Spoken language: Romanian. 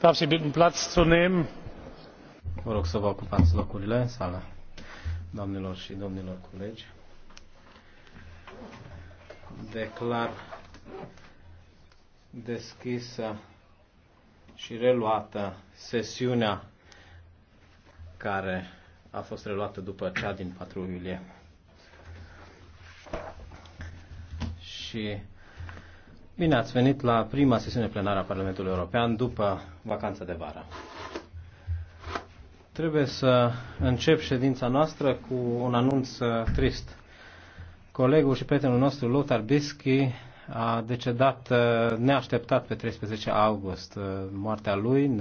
darf sie bitten platz zu nehmen. vă rog să vă ocupați locurile în sală doamnelor și domnilor colegi. Declar deschisă și reluată sesiunea care a fost reluată după cea din 4 iulie. Și Bine ați venit la prima sesiune plenară a Parlamentului European după vacanța de vară. Trebuie să încep ședința noastră cu un anunț uh, trist. Colegul și prietenul nostru, Lothar Bischi, a decedat uh, neașteptat pe 13 august. Uh, moartea lui